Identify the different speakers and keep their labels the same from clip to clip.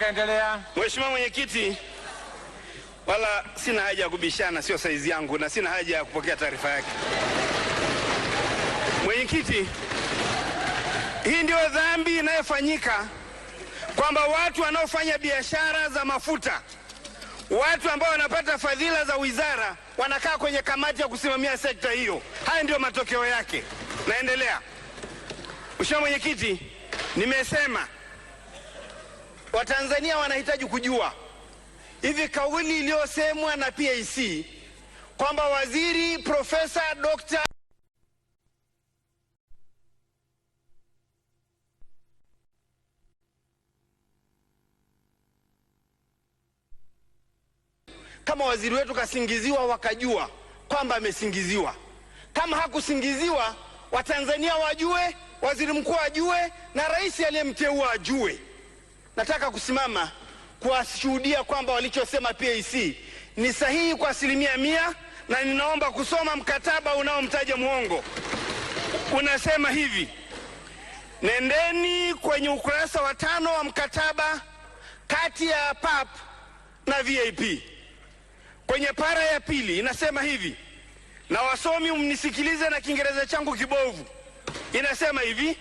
Speaker 1: Kaendelea. Mheshimiwa Mwenyekiti, wala sina haja ya kubishana, sio saizi yangu na sina haja ya kupokea taarifa yake. Mwenyekiti, hii ndiyo dhambi inayofanyika kwamba watu wanaofanya biashara za mafuta, watu ambao wanapata fadhila za wizara wanakaa kwenye kamati ya kusimamia sekta hiyo. Haya ndiyo matokeo yake. Naendelea. Mheshimiwa Mwenyekiti, nimesema Watanzania wanahitaji kujua hivi kauli iliyosemwa na PAC kwamba waziri Profesa Dr. kama waziri wetu kasingiziwa, wakajua kwamba amesingiziwa. Kama hakusingiziwa, Watanzania wajue, waziri mkuu ajue, na rais aliyemteua ajue nataka kusimama kuwashuhudia kwamba walichosema PAC ni sahihi kwa asilimia mia, na ninaomba kusoma mkataba unaomtaja mwongo. Unasema hivi: nendeni kwenye ukurasa wa tano wa mkataba kati ya PAP na VAP. Kwenye para ya pili inasema hivi, na wasomi mnisikilize na Kiingereza changu kibovu. Inasema hivi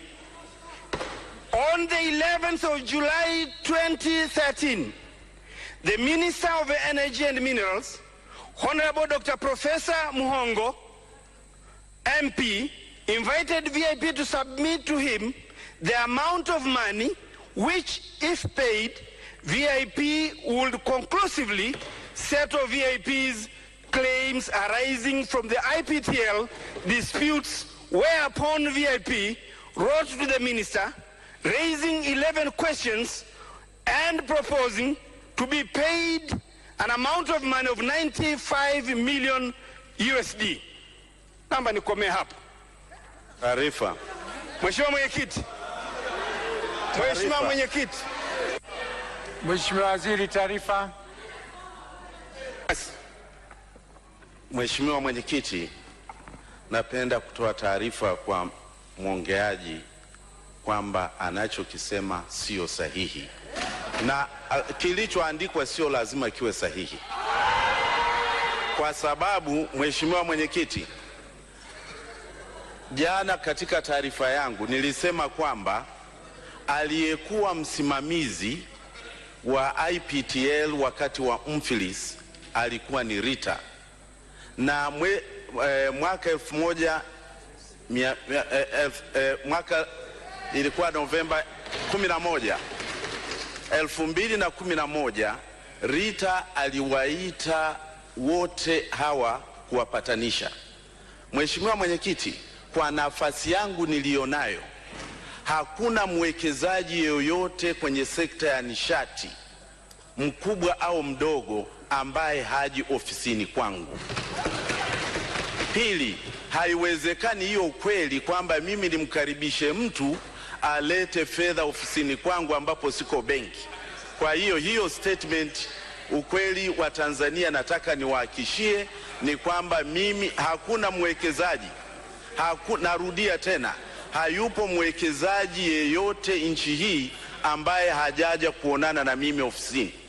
Speaker 2: On the 11th of July 2013, the Minister of Energy and Minerals, Honorable Dr. Professor Muhongo, MP, invited VIP to submit to him the amount of money which, if paid, VIP would conclusively settle VIP's claims arising from the IPTL disputes, whereupon VIP wrote to the minister raising 11 questions and proposing to be paid an amount of money of 95 million USD. Naomba nikomee hapo.
Speaker 3: Taarifa.
Speaker 1: Mheshimiwa Mwenyekiti. Mheshimiwa Mwenyekiti.
Speaker 4: Mheshimiwa Waziri, taarifa.
Speaker 3: Mheshimiwa Mwenyekiti, napenda kutoa taarifa kwa mwongeaji kwamba anachokisema sio sahihi na uh, kilichoandikwa sio lazima kiwe sahihi, kwa sababu Mheshimiwa Mwenyekiti, jana katika taarifa yangu nilisema kwamba aliyekuwa msimamizi wa IPTL wakati wa Mfilis alikuwa ni Rita na mwe, e, mwaka elfu moja mia, e, e, mwaka ilikuwa Novemba 11, 2011 Rita aliwaita wote hawa kuwapatanisha. Mheshimiwa Mwenyekiti, kwa nafasi yangu niliyonayo, hakuna mwekezaji yoyote kwenye sekta ya nishati mkubwa au mdogo ambaye haji ofisini kwangu. Pili, haiwezekani hiyo ukweli kwamba mimi nimkaribishe mtu alete fedha ofisini kwangu ambapo siko benki. Kwa hiyo hiyo statement ukweli wa Tanzania nataka niwahakishie ni kwamba mimi hakuna mwekezaji haku, narudia tena, hayupo mwekezaji yeyote nchi hii ambaye hajaja kuonana na mimi ofisini.